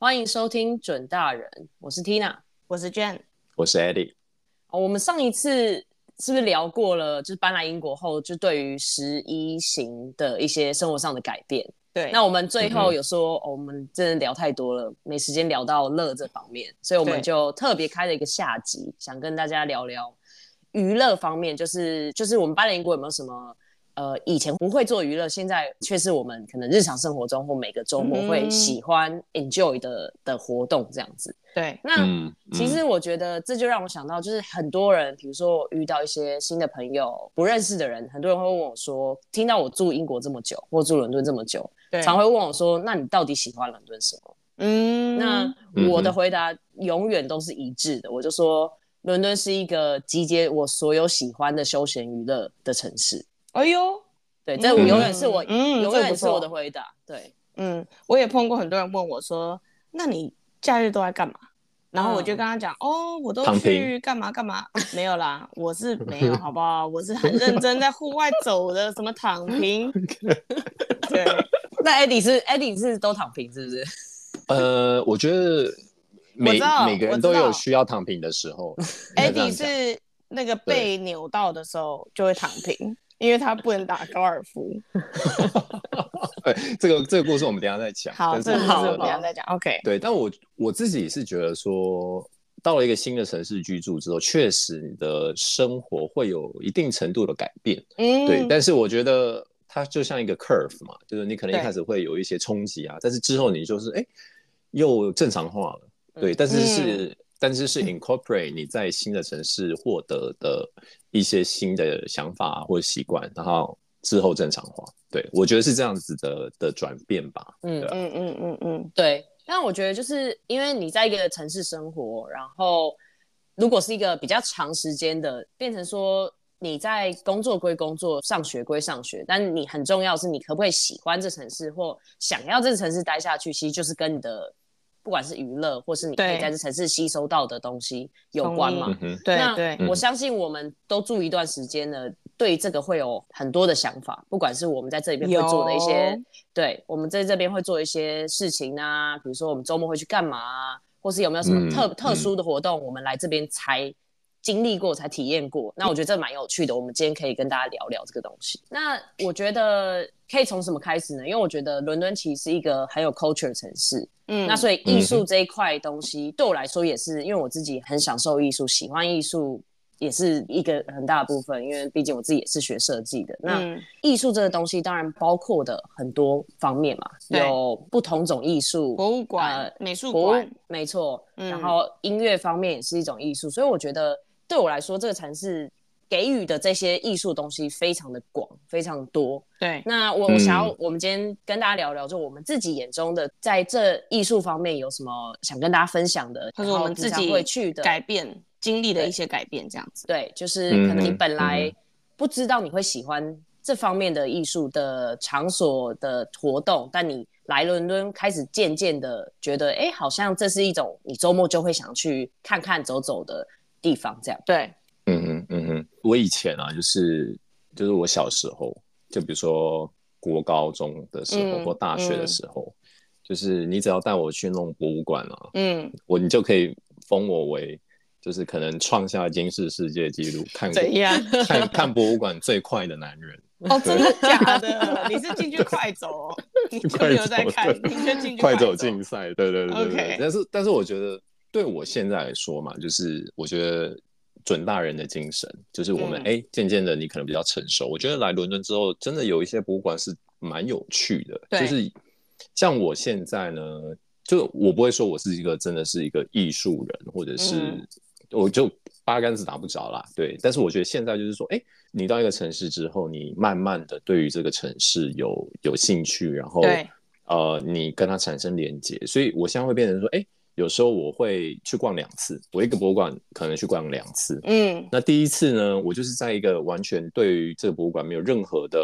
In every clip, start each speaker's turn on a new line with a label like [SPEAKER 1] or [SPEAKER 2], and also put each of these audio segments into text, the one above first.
[SPEAKER 1] 歡迎收聽準大人，我是 Tina，我是 Jen，
[SPEAKER 2] 我是 Eddie。
[SPEAKER 1] 哦，我們上一次是不是聊過了？就是搬來英國後，就對於十一型的一些生活上的改變。對，那我們最後有說，嗯哼，哦，我們真的聊太多了，沒時間聊到樂這方面，所以我們就特別開了一個下集，想跟大家聊聊娛樂方面，就是就是我們搬來英國有沒有什麼？呃，以前不會做娛樂，現在卻是我們可能日常生活中或每個周末會喜歡 enjoy 的、mm -hmm. 的活動這樣子。對，那其實我覺得這就讓我想到，就是很多人，比、mm -hmm. 如說我遇到一些新的朋友、不認識的人，很多人會問我說，聽到我住英國這麼久，或住倫敦這麼久，對，常會問我說，那你到底喜歡倫敦什麼？嗯、mm -hmm.，那我的回答永遠都是一致的，我就說，倫敦是一個集結我所有喜歡的休閒娛樂的城市。哎呦，對、嗯，這永遠是我，嗯，永遠是我的回答。嗯、對，嗯，我也碰過很多人問我說：“
[SPEAKER 3] 那你假日都在幹嘛、嗯？”然後我就跟他講：“哦，哦我都去幹嘛幹嘛。” 沒有啦，我是沒有，好不好？我是很認真在戶外走的， 什麼躺平？
[SPEAKER 1] 對，那 Eddie 是 Eddie 是都躺平，是不是？
[SPEAKER 2] 呃，我覺得每每個人都有需要躺平的時候。
[SPEAKER 1] Eddie 是
[SPEAKER 3] 那個被扭到的時候就會躺平。 因為他不能打高爾夫
[SPEAKER 2] 這個這個故事我們等一下再講。好，這個故事我們等一下再講。OK。對，但我我自己是覺得說，到了一個新的城市居住之後，確實你的生活會有一定程度的改變、嗯。對，但是我覺得它就像一個 curve 嘛，就是你可能一開始會有一些衝擊啊，但是之後你就是哎、欸、又正常化了。嗯、對，但是是、嗯、但是是 incorporate 你在新的城市獲得的。一些新的想法或習慣，然後之後正常化。對，我覺得是這樣子的的轉變吧。嗯
[SPEAKER 1] 嗯嗯嗯嗯，對。但我覺得就是因為你在一個城市生活，然後如果是一個比較長時間的，變成說你在工作歸工作，上學歸上學，但你很重要是你可不可以喜歡這城市或想要這城市待下去，其實就是跟你的。不管是娛樂，或是你可以在這城市吸收到的東西有關嘛，嗯、對，那我相信我們都住一段時間了，嗯，對這個會有很多的想法。不管是我們在這裡邊會做的一些，對，我們在這邊會做一些事情啊，比如說我們周末會去幹嘛，啊，或是有沒有什麼特，嗯、特殊的活動，嗯，我們來這邊猜。經歷過才體驗過，那我覺得這蠻有趣的。我們今天可以跟大家聊聊這個東西。那我覺得可以從什麼開始呢？因為我覺得倫敦其實是一個很有 culture 的城市，嗯，那所以藝術這一塊東西對我來說也是，嗯、因為我自己很享受藝術，喜歡藝術也是一個很大部分。因為畢竟我自己也是學設計的，嗯、那藝術這個東西當然包括的很多方面嘛，有不同種藝術博物館、美術館，沒錯、嗯。然後音樂方面也是一種藝術，所以我覺得。對我來說，這個城市給予的這些藝術東西非常的廣，非常多。對，那我想要，我們今天跟大家聊聊，就我們自己眼中的，在這藝術方面有什麼想跟大家分享的，或者、就是、我們自己會去的改變、經歷的一些改變，這樣子對。對，就是可能你本來不知道你會喜歡這方面的藝術的場所的活動，嗯嗯嗯、但你來倫敦開始漸漸的覺得，哎，好像這是一種你周末就會想去看看走走的地
[SPEAKER 2] 方這樣對，嗯哼嗯哼，我以前啊，就是就是我小時候，就比如說國高中的時候、嗯、或大學的時候，嗯、就是你只要帶我去弄博物館啊，嗯，我你就可以封我為就是可能創下金氏世界紀錄，看怎樣 看看博物館最快的男人，
[SPEAKER 3] 哦真的假的？ 你是進去快走，你停留在看，你快走
[SPEAKER 2] 競賽，對對對對對，okay. 但是但是我覺得。對我現在來說嘛，就是我覺得準大人的精神，就是我們哎、嗯，漸漸的你可能比較成熟。我覺得來倫敦之後，真的有一些博物館是蠻有趣的，就是像我現在呢，就我不會說我是一個真的是一個藝術人，或者是我就八竿子打不着啦。嗯、對，但是我覺得現在就是說，哎，你到一個城市之後，你慢慢的對於這個城市有有興趣，然後呃，你跟它產生連接，所以我現在會變成說，哎。有時候我會去逛兩次，我一個博物館可能去逛兩次。嗯，那第一次呢，我就是在一個完全對於這個博物館沒有任何的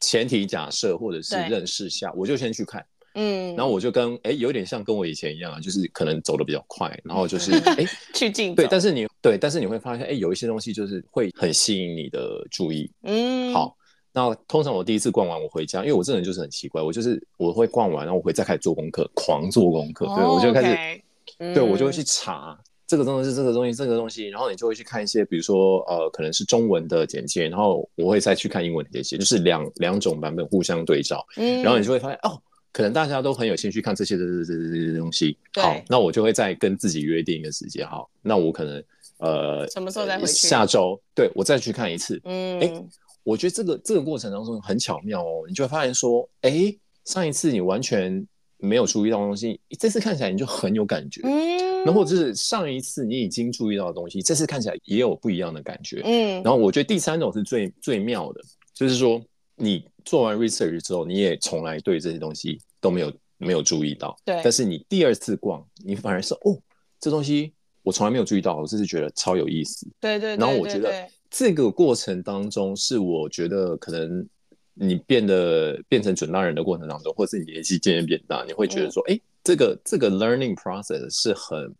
[SPEAKER 2] 前提假設或者是認識下，我就先去看。
[SPEAKER 3] 嗯，然
[SPEAKER 2] 後我就跟哎、欸，有點像跟我以前一樣啊，就是可能走得比較快，然後就是哎、嗯欸、 去競走，對，但是你對，但是你會發現哎、欸，有一些東西就是會很吸引你的注意。嗯，好。那通常我第一次逛完，我回家，因為我這人就是很奇怪，我就是我會逛完，然後我會再開始做功課，狂做功課，oh, 對，我就開始，okay. 對、嗯、我就會去查這個東西，這個東西，這個東西，然後你就會去看一些，比如說呃，可能是中文的簡介，然後我會再去看英文的簡介，就是兩兩種版本互相對照，嗯，然後你就會發現哦，可能大家都很有興趣看這些這些這些這些東西，對，好，那我就會再跟自己約定一個時間好，那我可能呃什
[SPEAKER 3] 麼時候再回去？下
[SPEAKER 2] 周，對我再去看一次，嗯，欸我覺得這個這個過程當中很巧妙哦，你就會發現說，哎，上一次你完全沒有注意到東西，這次看起來你就很有感覺。嗯。然後就是上一次你已經注意到的東西，這次看起來也有不一樣的感覺。嗯。然後我覺得第三種是最最妙的，就是說你做完 research 之後，你也從來對這些東西都沒有沒有注意到。對。但是你第二次逛，你反而是說，哦，這東西我從來沒有注意到，我這次覺得超有意思。對
[SPEAKER 3] 對,對,對,對,對。然後我覺得。
[SPEAKER 2] 這個過程當中，是我覺得可能你變得變成準大人的過程當中，或者是你年紀漸漸變大，你會覺得說，哎、嗯，這個這個 learning process 是很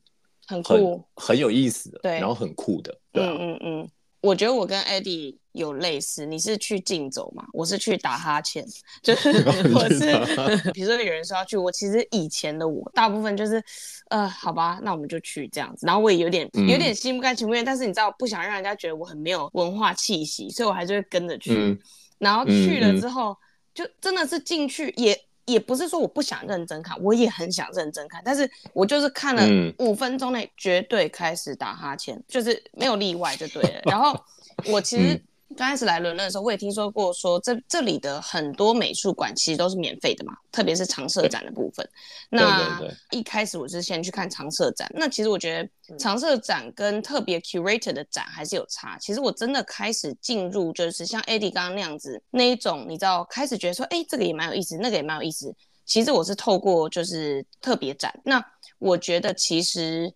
[SPEAKER 2] 很酷很，很有意思的，對，然後很酷的，
[SPEAKER 3] 對、啊，嗯嗯，嗯，我覺得我跟 Eddie。有類似，你是去競走嘛？我是去打哈欠，就是我是， 比如說有人說要去，我其實以前的我大部分就是，呃，好吧，那我們就去這樣子。然後我也有點有點心不甘情不願、嗯，但是你知道，我不想讓人家覺得我很沒有文化氣息，所以我還是會跟着去、嗯。然後去了之後，嗯、就真的是進去、嗯、也也不是說我不想認真看，我也很想認真看，但是我就是看了五分鐘內絕對開始打哈欠、嗯，就是沒有例外就對了。 然後我其實、嗯。剛開始來倫敦的時候，我也聽說過說這這裡的很多美術館其實都是免費的嘛，特別是常設展的部分。 那對對對，一開始我是先去看常設展，那其實我覺得常設展跟特別 curator 的展還是有差。其實我真的開始進入，就是像 Eddie 剛剛那樣子那一種，你知道，開始覺得說，哎，這個也蠻有意思，那個也蠻有意思。其實我是透過就是特別展。那我覺得其實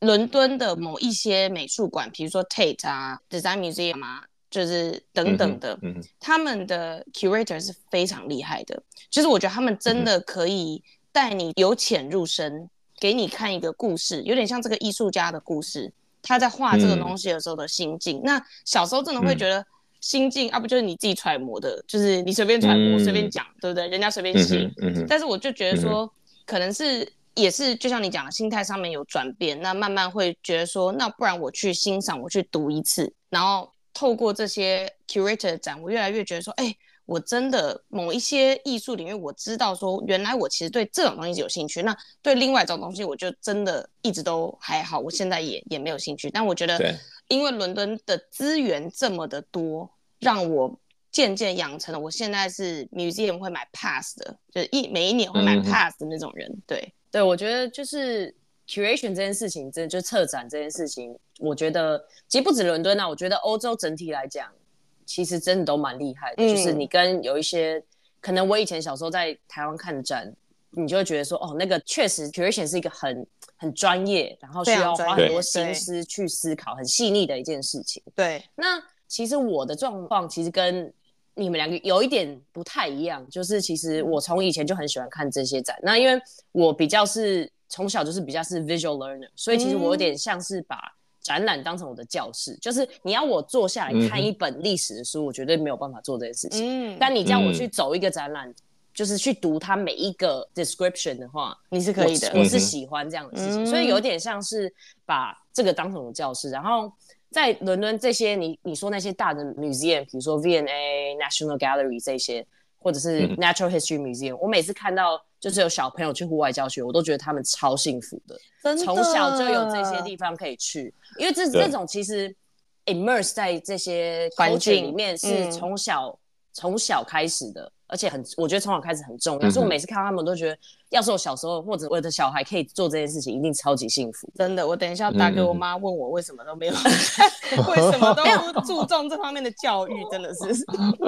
[SPEAKER 3] 倫敦的某一些美術館，比如說 Tate 啊，Design Museum 啊。就是等等的、嗯嗯，他們的 curator 是非常厲害的。其、就、實、是、我覺得他們真的可以帶你由淺入深、嗯，給你看一個故事，有點像這個藝術家的故事，他在畫這個東西的時候的心境。嗯、那小時候真的會覺得心境，要、嗯啊、不就是你自己揣摩的，就是你隨便揣摩、嗯、隨便講、嗯，對不對？人家隨便寫、嗯嗯。但是我就覺得說，嗯、可能是也是，就像你講的心態上面有轉變，那慢慢會覺得說，那不然我去欣賞，我去讀一次，然後。透過這些 curator 的展，我越來越覺得說，哎、欸，我真的某一些藝術領域，我知道說，原來我其實對這種東西有興趣。那對另外一種東西，我就真的一直都還好，我現在也也沒有興趣。但我覺得，因為倫敦的資源這麼的多，讓我漸漸養成了，我現在是
[SPEAKER 1] museum 會買 pass 的，就是一每一年會買 pass 的那種人。嗯、對對，我覺得就是。curation 這件事情，真的就策展這件事情，我覺得其實不止倫敦啊，我覺得歐洲整體來講，其實真的都蠻厲害的。嗯，就是你跟有一些，可能我以前小時候在台灣看展，你就會覺得說，哦，那個確實 curation 是一個很很專業，然後需要花很多心思去思考，啊，很細膩的一件事情對。對，那其實我的狀況其實跟你們兩個有一點不太一樣，就是其實我從以前就很喜歡看這些展，那因為我比較是。從小就是比較是 visual learner，所以其實我有點像是把展覽當成我的教室、嗯。就是你要我坐下來看一本歷史的書、嗯，我絕對沒有辦法做這件事情。嗯、但你叫我去走一個展覽、嗯，就是去讀它每一個 description 的話，你是可以的。我是，我是喜歡這樣的事情、嗯，所以有點像是把這個當成我的教室。然後在倫敦這些你你說那些大的 museum，比如說 V&A、National Gallery 這些，或者是 Natural History Museum、嗯、我每次看到。就是有小朋友去戶外教學，我都覺得他們超幸福的。真的，從小就有這些地方可以去，因為這這種其實 immerse 在這些環境裡面是從小從、嗯、小開始的，而且很我覺得從小開始很重要。嗯、所是以我每次看到他們都覺得，要是我小時候或者我的小孩可以做這件事情，一定超級幸福。真的，我等一下打給我媽問我為什麼都沒有，嗯嗯嗯
[SPEAKER 3] 為什麼都不注重這方面的教育，真的是。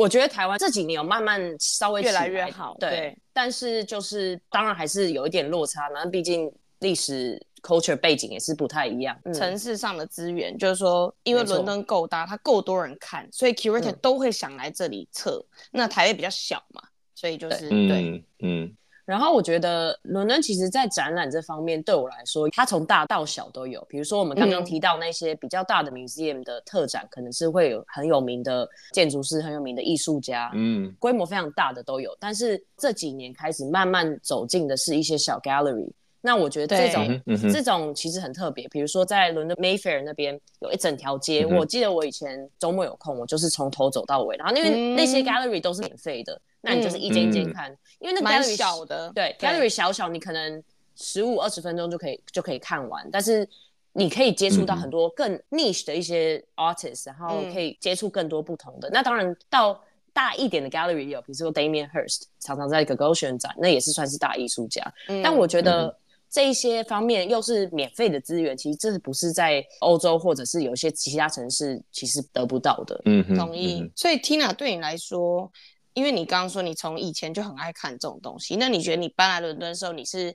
[SPEAKER 1] 我覺得台灣這幾年有慢慢稍微越來越好，對，對，但是就是當然還是有一點落差嘛，然後畢竟歷史、哦、culture 背景也是不太一樣，嗯、城市上的資源，就是說，
[SPEAKER 3] 因為倫敦夠大，它夠多人看，所以 curator、嗯、都會想來這裡策，那台北比較
[SPEAKER 1] 小嘛，所以就是對，對，嗯。嗯然後我覺得倫敦其實在展覽這方面對我來說，它從大到小都有。比如說我們剛剛提到那些比較大的 museum 的特展，嗯，可能是會有很有名的建築師、很有名的藝術家，嗯，規模非常大的都有。但是這幾年開始慢慢走進的是一些小 gallery。那我覺得這種這種其實很特別。嗯、比如說在倫敦 Mayfair 那邊有一整條街、嗯，我記得我以前周末有空，我就是從頭走到尾。然後因為、嗯、那些 gallery 都是免費的。那你就是一間一間看，嗯嗯，因為那個 gallery 小的，對，對 gallery 小小，你可能十五二十分鐘就可以就可以看完。但是你可以接觸到很多更 niche 的一些 artist、嗯、然後可以接觸更多不同的，嗯。那當然到大一點的 gallery 有，比如說 Damien Hirst 常常在 Gagosian 巡展，那也是算是大藝術家，嗯。但我覺得這一些方面又是免費的資源，嗯，其實這是不是在歐洲或者是有些其他城市其實得不到的？嗯，同意。嗯
[SPEAKER 3] 嗯、所以 Tina 對你來說，因為你剛剛說你從以前就很愛看這種東西，那你覺得你搬來倫敦的時候，你是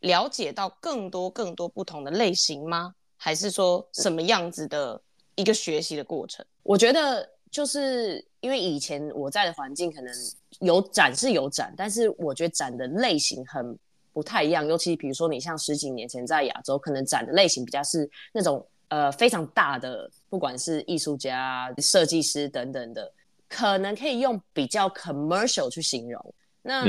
[SPEAKER 3] 了解到更多更多不同的類型嗎？還是說什麼樣子的
[SPEAKER 1] 一個學習的過程？嗯。我覺得就是因為以前我在的環境可能有展是有展，但是我覺得展的類型很不太一樣，尤其比如說你像十幾年前在亞洲，可能展的類型比較是那種呃非常大的，不管是藝術家、設計師等等的。可能可以用比較 commercial 去形容。那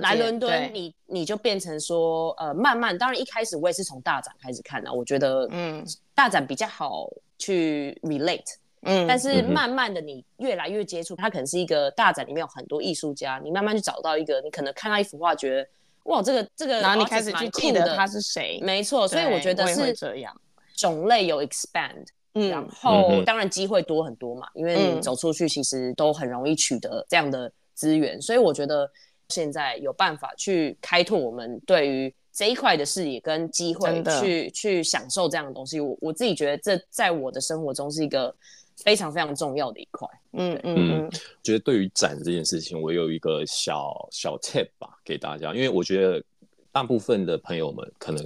[SPEAKER 1] 來倫敦你，你、嗯、你就變成說、嗯，呃，慢慢，當然一開始我也是從大展開始看的、啊，我覺得，嗯，大展比較好去 relate，嗯，但是慢慢的你越來越接觸，它、嗯、可能是一個大展裡面有很多藝術家，你慢慢去找到一個，你可能看到一幅畫，覺得，哇，這個這個，然後你開始去記得他是誰，沒錯，所以我覺得是這樣，種類有 expand。嗯、然後，當然機會多很多嘛，嗯，因為走出去其實都很容易取得這樣的資源，嗯，所以我覺得現在有辦法去開拓我們對於這一塊的視野跟機會去，去去享受這樣的東西。我我自己覺得這在我的生活中是一個非常非常重要的一塊。嗯
[SPEAKER 2] 嗯嗯，對，覺得對於展這件事情，我有一個小小 tip 吧給大家，因為我覺得大部分的朋友們可能。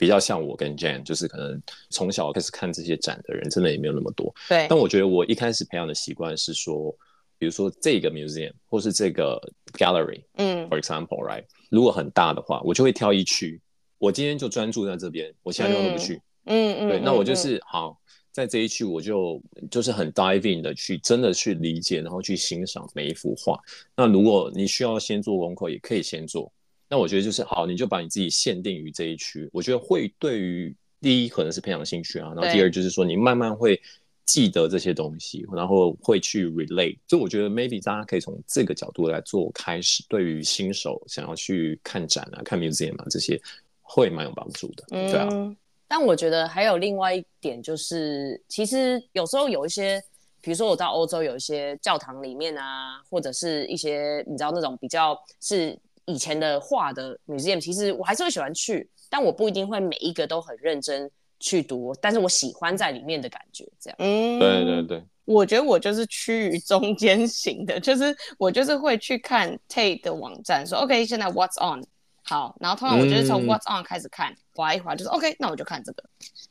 [SPEAKER 2] 比較像我跟 Jen，就是可能從小開始看這些展的人，真的也沒有那麼多。對。但我覺得我一開始培養的習慣是說，比如說這個 museum 或是這個 gallery，嗯，for example，right，如果很大的話，我就會挑一區。我今天就專注在這邊，我其他地方都不去。嗯嗯。對嗯嗯嗯嗯，那我就是好在這一區，我就就是很 diving 的去真的去理解，然後去欣賞每一幅畫。那如果你需要先做功課，也可以先做。那我覺得就是好，你就把你自己限定於這一區，我覺得會對於第一可能是培養興趣啊，然後第二就是說你慢慢會記得這些東西，然後會去 relate。就我覺得 maybe 大家可以從這個角度來做開始。對於新手想要去看展啊、看 museum 啊這些，會蠻有幫助的。嗯對啊，
[SPEAKER 1] 但我覺得還有另外一點就是，其實有時候有一些，比如說我到歐洲有一些教堂裡面啊，或者是一些你知道那種比較是。以前的話的 museum，其實我還是會喜歡去，但我不一定會每一個都很認真去讀，但是我喜歡在裡面的感覺，這樣。嗯，對對對、嗯。我覺得我就是趨於中間型的，就是我就是會
[SPEAKER 3] 去看 Tate 的網站，說 OK，現在 What's on，好，然後通常我就是從 What's on 開始
[SPEAKER 1] 看，劃、嗯、一劃，就是 OK，那我就看這個，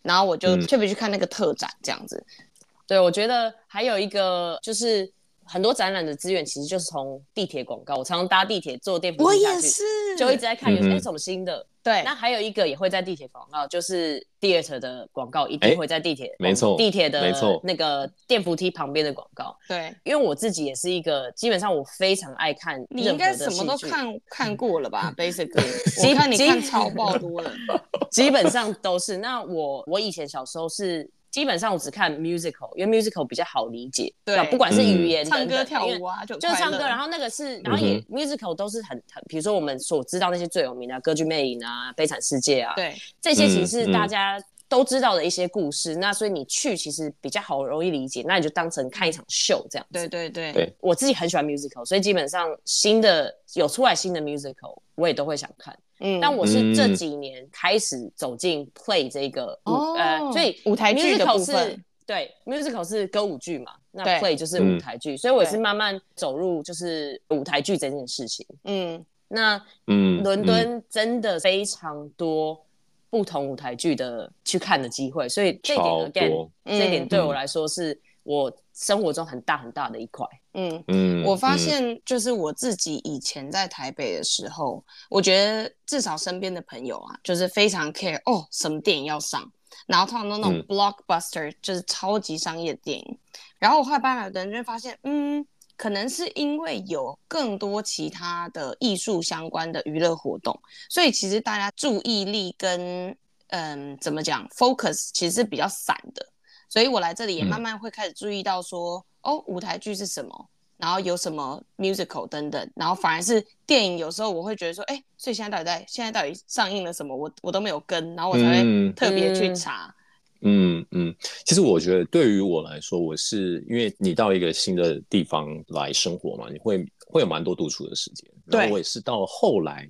[SPEAKER 1] 然後我就特別去看那個特展、嗯、這樣子。對，我覺得還有一個就是。很多展覽的資源其實就是從地鐵廣告。我常常搭地鐵坐電扶梯下去我也是，就一直在看有、嗯欸、什麼新的。對，那還有一個也會在地鐵廣告，就是 Theatre 的廣告一定會在地鐵、欸，沒錯，地鐵的沒錯那個電扶梯旁邊的廣告。對，因為我自己也是一個，基本上我非常愛看的。你應該什麼都看看過了吧 ？Basically，基 本你看超爆多了，基本上都是。那我我以前小時候是。基本上我只看 musical，因為 musical 比較好理解，對，不管是語言等等、嗯、唱歌、跳舞啊，就就唱歌。然後那個是，然後也 musical 都是很很，比如說我們所知道那些最有名的、啊《歌劇魅影》啊，《悲慘世界》啊，對，這些其實是大家都知道的一些故事。嗯嗯、那所以你去其實比較好容易理解，那你就當成看一場秀這樣子。對對對，對我自己很喜歡 musical，所以基本上新的有出來新的 musical，我也都會想看。嗯，但我是這幾年開始走進 play 這個舞、嗯，呃，哦、所以舞台劇的部分，對，musical 是歌舞劇嘛，那 play 就是舞台劇、嗯，所以我也是慢慢走入就是舞台劇這件事情。嗯，那嗯，倫敦真的非常多不同舞台劇的去看的機會，所以這一點 again，這一點對我來說是，我生活中很大很大的一塊，嗯嗯，
[SPEAKER 3] 我發現就是我自己以前在台北的時候，嗯、我覺得至少身邊的朋友啊，就是非常 care 哦，什麼電影要上，然後他都那種 blockbuster、嗯、就是超級商業電影，然後我後來搬來的人就會發現，嗯，可能是因為有更多其他的藝術相關的娛樂活動，所以其實大家注意力跟嗯怎麼講 focus 其實是比較散的。所以，我來這裡也慢慢會開始注意到說、嗯，哦，舞台劇是什麼，然後有什麼 musical 等等，然後反而是電影，有時候我會覺得說，哎，所以現在到底在現在到底上映了什麼，我我都沒有跟，然後我才會特別去查。嗯嗯，嗯，
[SPEAKER 2] 嗯，其實我覺得對於我來說，我是因為你到一個新的地方來生活嘛，你會會有蠻多獨處的時間。對。我也是到後來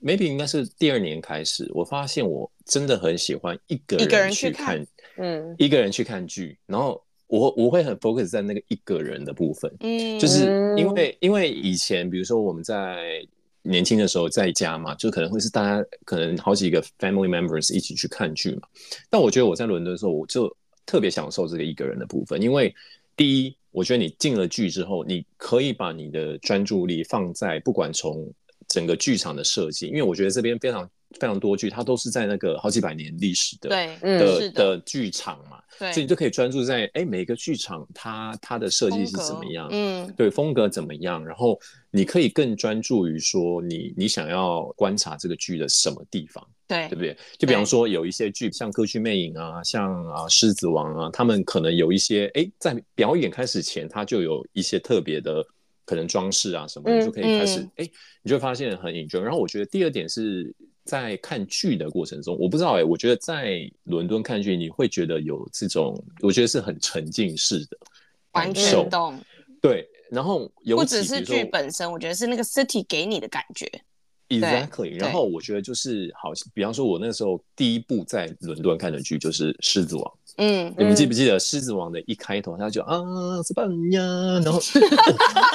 [SPEAKER 2] ，maybe 應該是第二年開始，我發現我真的很喜歡一個一個人去看。嗯，一個人去看劇，然後我我會很 focus 在那個一個人的部分，嗯、mm.，就是因為因為以前比如說我們在年輕的時候在家嘛，就可能會是大家可能好幾個 family members 一起去看劇嘛，但我覺得我在倫敦的時候，我就特別享受這個一個人的部分，因為第一，我覺得你進了劇之後，你可以把你的專注力放在不管從整個劇場的設計，因為我覺得這邊非常。非常多劇，它都是在那個好幾百年歷史的對的、嗯、的劇場嘛，所以你就可以專注在哎、欸、每一個劇場它它的設計是怎麼樣，嗯，對風格怎麼樣，然後你可以更專注於說你你想要觀察這個劇的什麼地方，對對不對？就比方說有一些劇像《歌劇魅影》啊，像啊《獅子王》啊，他們可能有一些哎、欸、在表演開始前，它就有一些特別的可能裝飾啊什麼，嗯、你就可以開始哎、嗯欸，你就發現很引人。然後我覺得第二點是。在看劇的過程中，我不知道哎、欸，我覺得在倫敦看劇，你會覺得有這種、嗯，我覺得是很沉浸式的完全感動。對，然後不只是劇本
[SPEAKER 3] 身，我覺得是那個 city 給你的感覺。
[SPEAKER 2] Exactly。然後我覺得就是，好比方說，我那時候第一部在倫敦看的劇就是《獅子王》。
[SPEAKER 3] 嗯。你們記不記
[SPEAKER 2] 得《獅子王》的一開頭，他就啊西班牙，然後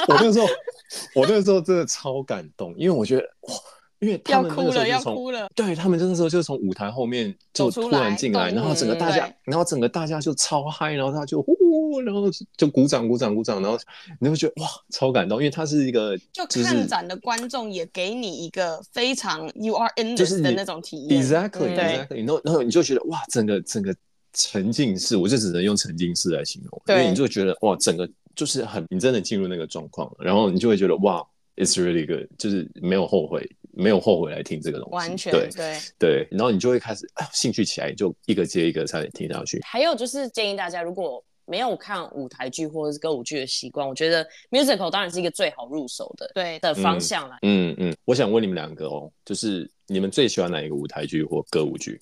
[SPEAKER 2] 我，我那時候， 我那時候真的超感動，因為我覺得哇，因為他們要哭了，要哭了，對，他們那個時候就從舞台後面就突然進來，然後整個大家，嗯、然後整個大家就超嗨，然後他就嗚，然後就鼓掌鼓掌鼓掌，然後你會覺得哇，超感動，因為他是一個就，是、就看展
[SPEAKER 3] 的觀眾也給你一個非常 you are in this 的那種體驗，exactly、嗯、exactly，
[SPEAKER 2] 然後然後你就覺得哇，整個整個沉浸式，我就只能用沉浸式來形容，對，你就覺得哇，整個就是很，你真的進入那個狀況，然後你就會覺得哇，it's really good，就是沒有後悔。沒有後悔來聽這個東西，完全對對、對然後你就會開始、啊、興趣起來，你就一個接一個才點聽下去。
[SPEAKER 1] 還有就是建議大家如果沒有看舞台劇或者是歌舞劇的習慣，我覺得 musical 當然是一個最好入手的對的方向
[SPEAKER 2] 了。嗯嗯、嗯，我想問你們兩個哦，就是你們最喜歡哪一個舞台劇或歌舞劇？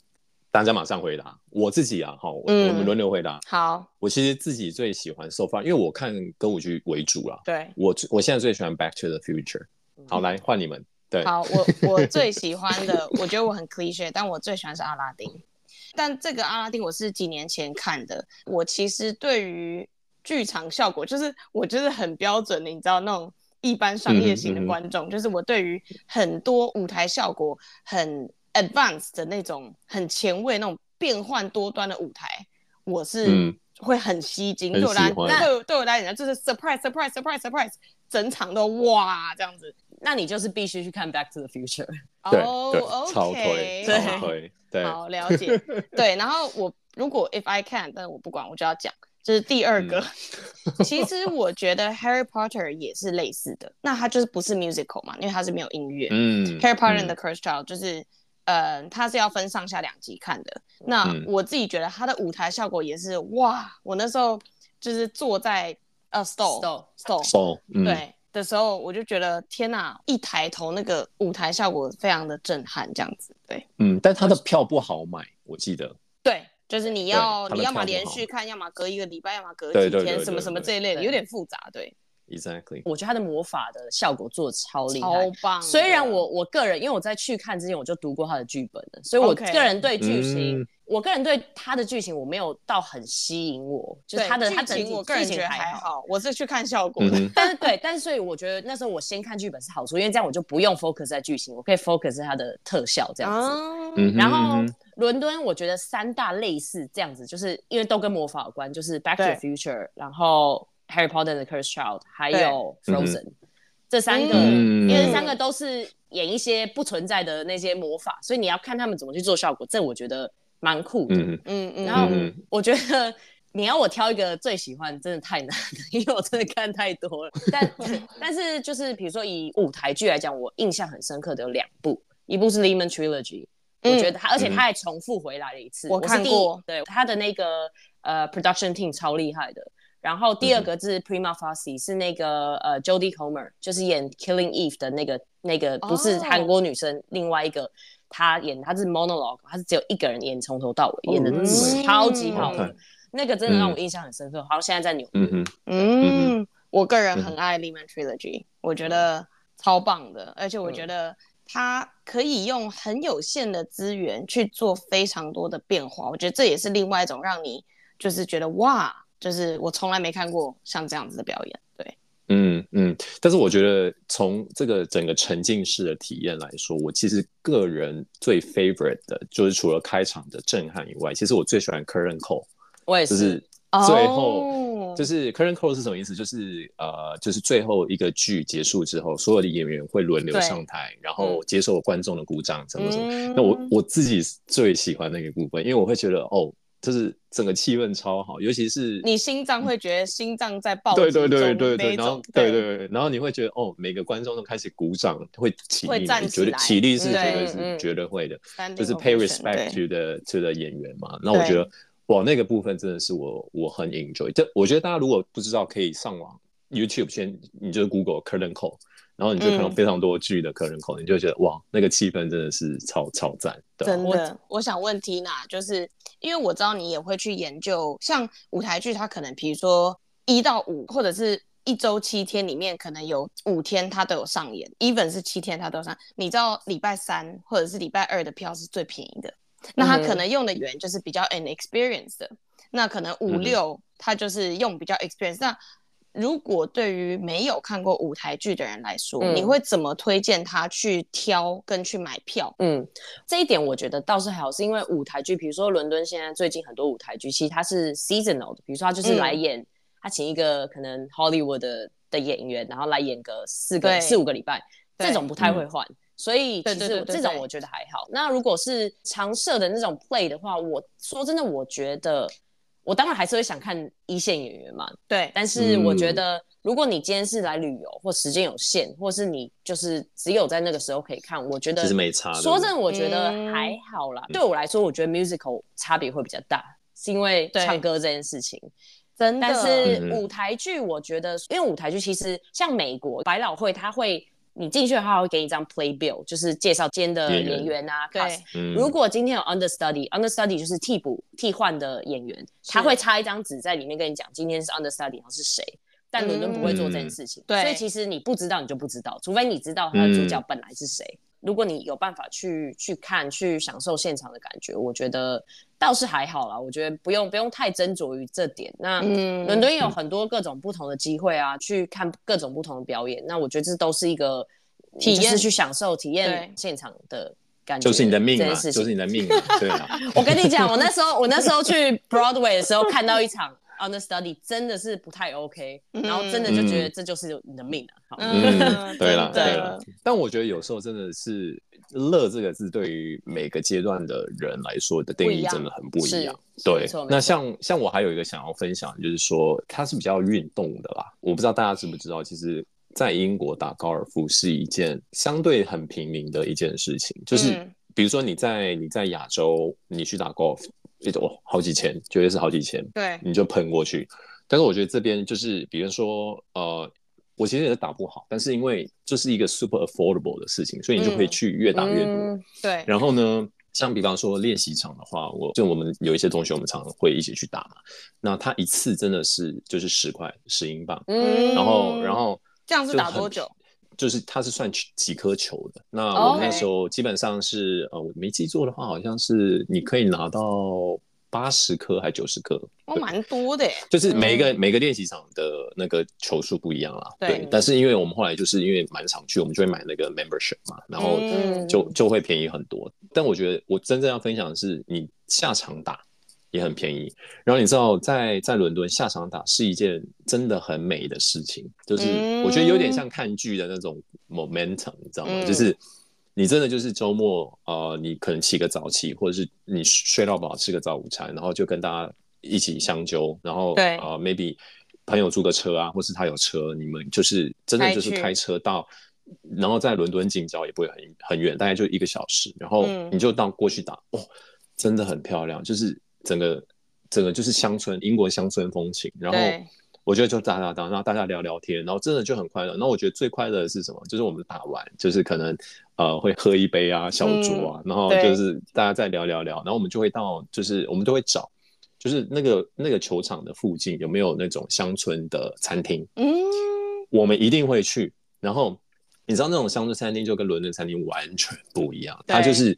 [SPEAKER 2] 大家馬上回答。我自己啊，好、嗯，我們輪流回答。好，我其實自己最喜歡《So Far》，因為我看歌舞劇為主啊。對，我我現在最喜歡《Back to the Future》嗯。好，來換你們。對好，
[SPEAKER 3] 我我最喜歡的， 我覺得我很 cliché，但我最喜歡是阿拉丁，但這個阿拉丁我是幾年前看的。我其實對於劇場效果，就是我就是很標準的，你知道那種一般商業型的觀眾嗯哼嗯哼，就是我對於很多舞台效果很 advanced 的那種很前衛、那種變換多端的舞台，我是會很吸睛。嗯、對我來，對對我來講就是 surprise, surprise surprise surprise surprise，整場都哇這樣子。那你就是必須去看《Back to the Future》oh, 對。對，o、okay, k 對,
[SPEAKER 2] 對，好了解。
[SPEAKER 3] 對，然後我如果 If I can，但我不管，我就要講，這、就是第二個、嗯。其實我覺得《Harry Potter》也是類似的， 那它就是不是 musical 嘛，因為它是沒有音樂。嗯，《Harry Potter and the Cursed Child》就是，呃、嗯，它、嗯、是要分上下兩集看的。那我自己覺得它的舞台效果也是哇，我那時候就是坐在 stall, stall, stall 對。嗯的時候，我就覺得天吶，一抬頭，那個舞台效果非常的震撼，這樣子。對，
[SPEAKER 2] 嗯，但他的票不好買，就是、我記得。
[SPEAKER 3] 對，就是你要你要麼連續看，要麼隔一個禮拜，要麼
[SPEAKER 2] 隔幾天，對對對對，什麼什麼這一類的，
[SPEAKER 1] 對對對對，有點複雜。對。對對 Exactly，我覺得他的魔法的效果做的超厲害，超棒。雖然我我個人，因為我在去看之前我就讀過他的劇本的，所以我個人對劇情，Okay. mm -hmm. 我個人對他的劇情我沒有到很吸引我，就是他的劇情，我個，劇情我個人覺得還好。我是去看效果的，mm -hmm. 但是對，但是所以我覺得那時候我先看劇本是好處，因為這樣我就不用 focus 在劇情，我可以 focus 在他的特效這樣子。Mm -hmm. 然後倫敦，我覺得三大類似這樣子，就是因為都跟魔法有關，就是 Back to the Future，然後。Harry Potter and the Cursed Child，還有 Frozen，、嗯、這三個，嗯、因為這三個都是演一些不存在的那些魔法、嗯，所以你要看他們怎麼去做效果，這我覺得蠻酷的。嗯嗯。然後、嗯、我覺得你要我挑一個最喜歡，真的太難了，因為我真的看太多了。但 但是就是，比如說以舞台劇來講，我印象很深刻的有兩部，一部是《Lehman Trilogy、嗯》，我覺得，而且他還重複回來了一次。嗯、我，一我看過。對他的那個呃，Production Team 超厲害的。然後第二個是、嗯、Prima Facie 是那個呃 Jodie Comer，就是演 Killing Eve 的那個那個不是韓國女生，哦、另外一個她演，她是 Monologue，她是只有一個人演，從頭到尾、哦、演的，超級好的、嗯，那個真的讓我印象很深刻。好、嗯、現在在扭。嗯嗯，嗯我個人很愛《Lehman Trilogy、嗯》，我覺得
[SPEAKER 3] 超棒的，而且我覺得他可以用很有限的資源去做非常多的變化，我覺得這也是另外一種讓你就是覺得哇。就是
[SPEAKER 2] 我從來沒看過像這樣子的表演，對。嗯嗯，但是我覺得從這個整個沉浸式的體驗來說，我其實個人最 favorite 的就是除了開場的震撼以外，其實我最喜歡 curtain call。我也是。哦。就是最後，oh、就是 curtain call 是什麼意思？就是呃，就是最後一個劇結束之後，所有的演員會輪流上台，然後接受觀眾的鼓掌什麼什麼，怎麼怎麼。那我我自己最喜歡的一個部分，因為我會覺得哦。就是整個氣氛超好，尤其是
[SPEAKER 3] 你心臟會覺得心臟在爆，嗯，對對對對對，然後對
[SPEAKER 2] 對對，然後你會覺得哦，每個觀眾都開始鼓掌，會起立，會起，起立是絕對是絕對會的，嗯嗯，就是 pay respect to，嗯、的，的演員嘛。那我覺得哇，那個部分真的是我我很 enjoy。這我覺得大家如果不知道，可以上網 YouTube 先，你就 Google curtain call，然後你就可能非常多劇的 curtain call，嗯、你就覺得哇，那個氣氛真的是超超讚的。真的
[SPEAKER 3] 我，我想問 Tina 就是。因為我知道你也會去研究，像舞台劇，它可能比如說一到五，或者是一周七天裡面，可能有五天它都有上演，even 是七天它都有上演。你知道禮拜三或者是禮拜二的票是最便宜的，那他可能用的元就是比較 inexperienced 的、嗯，那可能五六他就是用比較 experience 那。如果對於沒有看過舞台劇的人來說，嗯，你會
[SPEAKER 1] 怎麼推薦他去挑跟去買票？嗯，這一點我覺得倒是還好，是因為舞台劇，比如說倫敦現在最近很多舞台劇，其實它是 seasonal 的，比如說他就是來演，他，嗯，請一個可能 Hollywood 的的演員，然後來演個四個四五個禮拜，這種不太會換，嗯，所以其實這種我覺得還好。對對對對對，那如果是常設的那種 play 的話，我說真的，我覺得。我當然還是會想看一線演員嘛，對。但是我覺得，如果你今天是來旅遊，或時間有限，或是你就是只有在那個時候可以看，我覺得其實沒差對對。說真的，我覺得還好啦。嗯、對我來說，我覺得 musical 差別會比較大，嗯，是因為唱歌這件事情，真的。但是舞台劇，我覺得、嗯，因為舞台劇其實像美國百老匯，他會。你進去的話，會給你一張 playbill，就是介紹今天的演員啊、嗯。對。如果今天有 understudy，understudy understudy 就是替補、替換的演員，他會插一張紙在裡面跟你講，今天是 understudy，然後是誰。但倫敦不會做這件事情，嗯、所以其實你不知道，你就不知道，除非你知道他的主角本來是誰。嗯如果你有辦法去去看，去享受現場的感覺，我覺得倒是還好啦，我覺得不用，不用太斟酌於這點。那、嗯、倫敦有很多各種不同的機會啊、嗯，去看各種不同的表演。那我覺得這都是一個體驗，就是，去享受體驗現場的感覺。就是你的命嘛，就是你的命嘛。對啊， 我跟你講，我那時候我那時候去 Broadway 的時候，看到一場。 Understudy 真的是不太 OK，、嗯、然後真的就覺得這就是
[SPEAKER 2] 你的命了、啊嗯。嗯，對了，對了。 但我覺得有時候真的是“樂”這個字，對於每個階段的人來說的定義真的很不一樣。一樣對，對，那像像我還有一個想要分享，就是說它是比較運動的啦。我不知道大家知不知道，其實，在英國打高爾夫是一件相對很平民的一件事情。嗯、就是比如說你在你在亞洲，你去打高爾夫。哦，好幾千，絕對是好幾千。對，你就噴過去。但是我覺得這邊就是，比如說，呃，我其實也是打不好，但是因為這是一個 super affordable 的事情，所以你就可以去越打越多。嗯嗯。對。然後呢，像比方說練習場的話，我就我們有一些同學，我們常常會一起去打嘛，那他一次真的是就是十塊，十英鎊。嗯。然後，然後。
[SPEAKER 3] 這樣是打多久？
[SPEAKER 2] 就是它是算幾顆球的，那我們那時候基本上是、okay. 呃，我沒記錯的話，好像是你可以拿到八十顆還九十顆，
[SPEAKER 3] 蠻、哦、多的耶。就
[SPEAKER 2] 是每一個、嗯、每一個練習場的那個球數不一樣啦對。對，但是因為我們後來就是因為蠻常去，我們就會買那個 membership 嘛，然後就，、嗯、就就會便宜很多。但我覺得我真正要分享的是，你下場打。也很便宜。然後你知道在，在在倫敦下場打是一件真的很美的事情，就是我覺得有點像看劇的那種 momentum，、嗯、你知道嗎？就是你真的就是週末呃，你可能起個早起，或者是你睡到飽，吃個早午餐，然後就跟大家一起相揪，然後對、呃、maybe 朋友租個車啊，或是他有車，你們就是真的就是開車到，然後在倫敦近郊也不會很很遠，大概就一個小時，然後你就到過去打，嗯、哦，真的很漂亮，就是。整個整個就是鄉村，英國鄉村風情，然後我覺得就打打打，然後大家聊聊天，然後真的就很快樂。那我覺得最快樂的是什麼？就是我們打完，就是可能呃會喝一杯啊，小酌啊、嗯，然後就是大家再聊聊聊，然後我們就會到，就是我們就會找，就是那個那個球場的附近有沒有那種鄉村的餐廳？嗯，我們一定會去。然後你知道那種鄉村餐廳就跟倫敦餐廳完全不一樣，它就是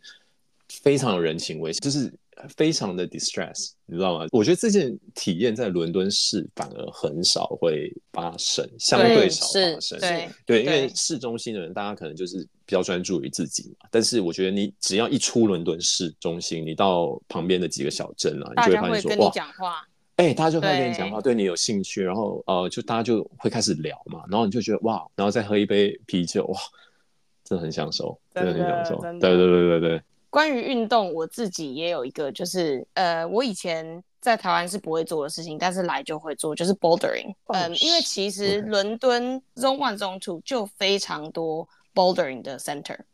[SPEAKER 2] 非常有人情味，就是。非常的 distress，你知道嗎？我覺得這件體驗在倫敦市反而很少會發生，相對少發生。對、對、對，因為市中心的人，大家可能就是比較專注於自己嘛。但是我覺得你只要一出倫敦市中心，你到旁邊的幾個小鎮啊，你就會發現說，哇。哎，大家就開始跟你講話，欸、你講話對你有興趣，然後呃，就大家就會開始聊嘛。然後你就覺得哇，然後再喝一杯啤酒，哇，真的很享受，真的、真的很享受。對、對、對、對、對、對。
[SPEAKER 3] 關於運動，我自己也有一個，就是呃，我以前在台灣是不會做的事情，但是來就會做，就是 bouldering。嗯、oh, 呃，因為其實倫敦 Zone One、Zone Two 就非常多 bouldering 的 center，嗯、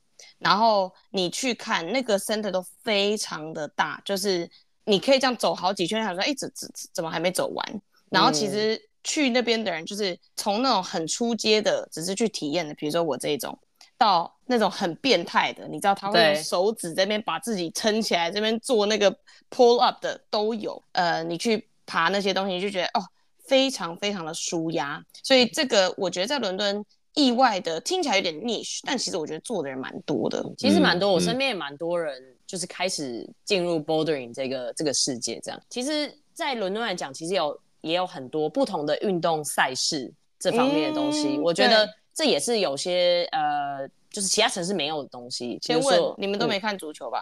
[SPEAKER 3] 然後你去看那個 center 都非常的大，就是你可以這樣走好幾圈，想說，哎，直怎怎麼還沒走完、嗯？然後其實去那邊的人，就是從那種很初階的，只是去體驗的，比如說我這一種。到那種很變態的，你知道他會用手指在那邊把自己撐起來，這邊做那個 pull up 的都有。呃，你去爬那些東西，你就覺得哦，非常非常的舒壓。所以這個我覺得在倫敦意外的聽起來有點 niche，
[SPEAKER 1] 但其實我覺得做的人蠻多的。其實蠻多，嗯、我身邊也蠻多人就是開始進入 bouldering 這個這個世界這樣。其實，在倫敦來講，其實有也有很多不同的運動賽事這方面的東西，嗯、我覺得。這也是有些呃，就是其他城市沒有的東西。先問你們都沒看足球吧？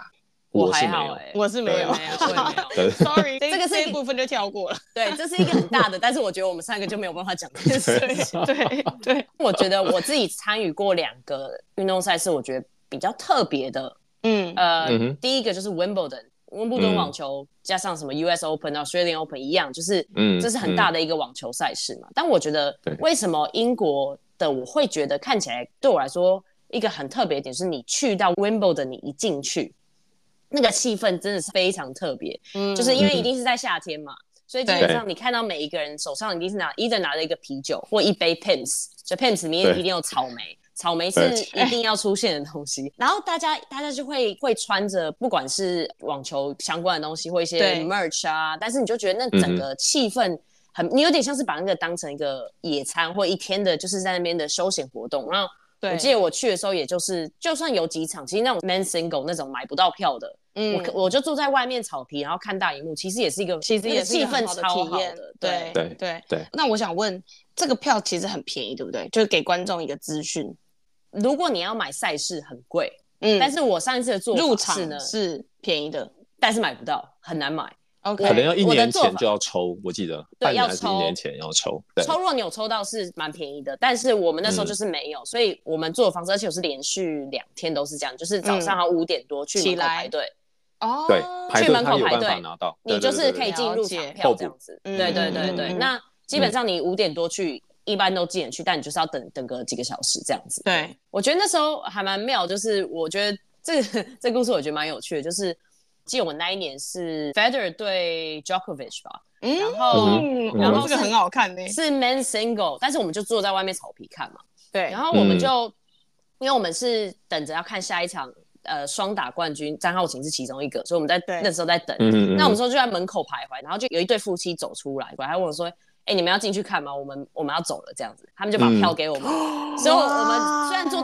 [SPEAKER 1] 我還好哎，我是沒有、欸，是沒有。沒有 Sorry，這個這一部分就跳過了。對，這是一個很大的， 但是我覺得我們三個就沒有辦法講這事情。對對，對對對 我覺得我自己參與過兩個運動賽事，我覺得比較特別的。嗯呃嗯，第一個就是 Wimbledon Wimbledon 網球，嗯、加上什麼 US Open 到 Australian Open 一樣，就是嗯，這是很大的一個網球賽事嘛。嗯嗯、但我覺得為什麼英國？我會覺得看起來對我來說一個很特別的點是，你去到 Wimbledon 的你一進去，那個氣氛真的是非常特別。嗯，就是因為一定是在夏天嘛，嗯、所以基本上你看到每一個人手上一定是拿，either 拿着一個啤酒或一杯 Pimm's，所以 Pimm's 裡面一定有草莓，草莓是一定要出現的東西。然後大家大家就會會穿着不管是網球相關的東西或一些 merch 啊對，但是你就覺得那整個氣氛、嗯。很，你有點像是把那個當成一個野餐或一天的，就是在那邊的休閒活動。然後，對，我記得我去的時候，也就是就算有幾場，其實那種 men's single 那種買不到票的，嗯，我我就坐在外面草皮，然後看大熒幕其實也是一個，其實也是一個很好的體驗，那個氣氛超好的，體驗，
[SPEAKER 3] 對對對對，對。那我想問，這個票其實很便宜，對不對？就是給觀眾一個資訊，如果
[SPEAKER 1] 你要買賽事，很貴，嗯，但是我上一次的做入場呢是便宜的，但是買不到，很難買。Okay, 可能要一年前就
[SPEAKER 2] 要抽，我，我記得，對，要抽一年前要抽，對要抽對。抽
[SPEAKER 1] 若你有抽到是蠻便宜的，但是我們那時候就是沒有，嗯、所以我們做的房子，而且我是連續兩天都是這樣，嗯、就是早上要五點多去門口排隊，嗯，哦，對，去門口排隊拿到，你就是可以進入檢票這樣子，嗯。對對對對，那基本上你五點多去，一般都幾點去，嗯？但你就是要等等個幾個小時這樣子。對，我覺得那時候還蠻妙，就是我覺得這 這故事我覺得蠻有趣的，就是。記得我那一年是 Federer 對 Djokovic 吧，嗯，然後、嗯嗯、然後就、這個、很好看嘞、欸，是 men single，但是我們就坐在外面草皮看嘛，對，然後我們就、嗯、因為我們是等着要看下一場呃雙打冠軍，詹皓晴是其中一個，所以我們在對那時候在等嗯嗯嗯，那我們說就在門口徘徊，然後就有一對夫妻走出來，過來還問我說，哎、欸，你們要進去看嗎？我們我們要走了這樣子，他們就把票給我們、嗯，所以我們。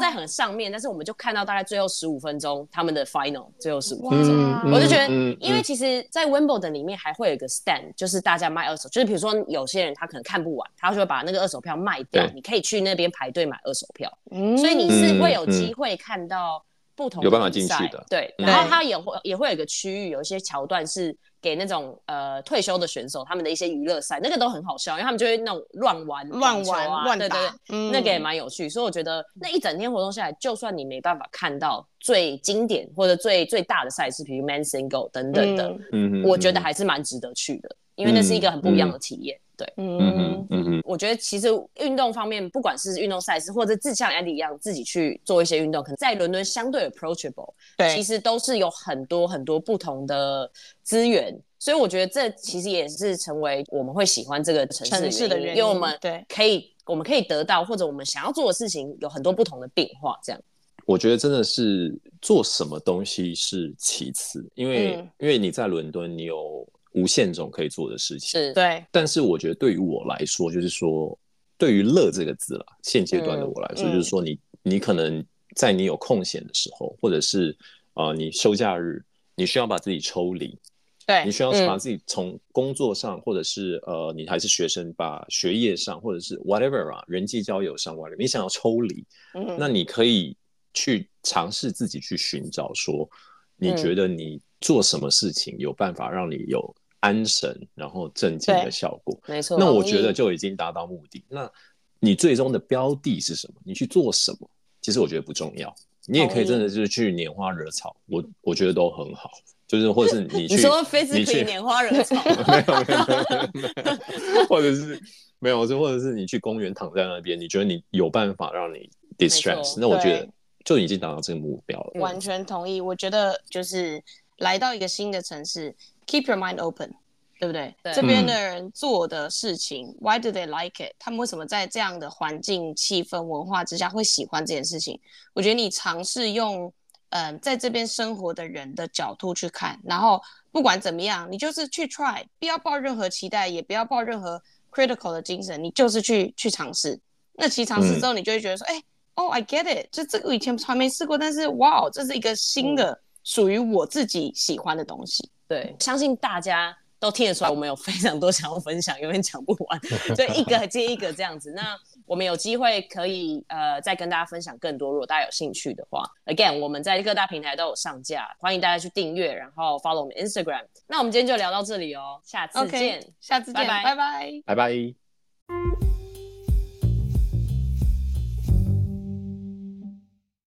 [SPEAKER 1] 在很上面，但是我們就看到大概最後十五分鐘他們的 final 最後十五分鐘、嗯，我就覺得，嗯嗯，因為其實，在 Wimbledon 裡面還會有一個 stand，就是大家賣二手，就是比如說有些人他可能看不完，他就會把那個二手票賣掉，你可以去那邊排隊買二手票，所以你是會有機會看到不同比賽的，有辦法進去的，對，然後他也會也會有一個區域，有一些橋段是。給那種呃退休的選手，他們的一些娛樂賽，那個都很好笑，因為他們就會那種亂玩、亂玩、啊、亂打，對，對，對，那個也蠻有趣。嗯、所以我覺得那一整天活動下來，就算你沒辦法看到最經典或者最最大的賽事，比如 men single 等等的、嗯，我覺得還是蠻值得去的。嗯嗯哼哼因為那是一個很不一樣的體驗，嗯、對，嗯嗯嗯嗯，我覺得其實運動方面，不管是運動賽事，或者自己像 Andy 一樣自己去做一些運動，可能在倫敦相對 approachable，對，其實都是有很多很多不同的資源，所以我覺得這其實也是成為我們會喜歡這個城市的原因，原因，因為我們對可以對我們可以得到或者我們想要做的事情有很多不同的變化，這樣，
[SPEAKER 2] 我覺得真的是做什麼東西是其次，因為、嗯、因為你在倫敦，你有。無限種可以做的事情，對。但是我覺得對於我來說，就是說，對於“樂”這個字了，現階段的我來說，嗯嗯、就是說你，你你可能在你有空閒的時候，或者是啊、呃，你休假日，你需要把自己抽離。
[SPEAKER 3] 對。你需要把自
[SPEAKER 2] 己從工作上，嗯、或者是呃，你還是學生吧，把學業上，或者是 whatever 啊，人際交友上 whatever 你想要抽離、嗯，那你可以去嘗試自己去尋找說，說你覺得你。嗯做什麼事情有辦法讓你有安神然後鎮靜的效果，沒錯。那我覺得就已經達到目的。那你最終的標的是什麼？你去做什麼？其實我覺得不重要，你也可以真的就是去拈花惹草、哦，我、嗯、我，我覺得都很好。就是，或者是你，去 你說你去，你可以拈花惹草， 沒有，或者是沒有，就或者是你去公園躺在那邊，你覺得你有辦法讓你 distress，那我覺得就已經達到這個目標了、嗯。
[SPEAKER 3] 完全同意，我覺得就是。來到一個新的城市，keep your mind open，對不對，對、嗯？這邊的人做的事情，why do they like it？他們為什麼在這樣的環境、氣氛、文化之下會喜歡這件事情？我覺得你嘗試用，嗯、呃，在這邊生活的人的角度去看，然後不管怎麼樣，你就是去 try，不要抱任何期待，也不要抱任何 critical 的精神，你就是去去嘗試。那其實嘗試之後，你就會覺得說，哎、嗯，哦、欸 oh,，I get it，就這個我以前從來沒試過，但是哇，這是一個新的。嗯屬於我自己喜歡的東西，
[SPEAKER 1] 對，相信大家都聽得出來，我們有非常多想要分享，永遠講不完，所以一個接一個這樣子。 那我們有機會可以呃再跟大家分享更多，如果大家有興趣的話，again 我們在各大平台都有上架，歡迎大家去訂閱，然後 follow 我們 Instagram。那我們今天就聊到這裡哦，下次見，okay, 下次見，拜拜，拜
[SPEAKER 2] 拜，拜拜。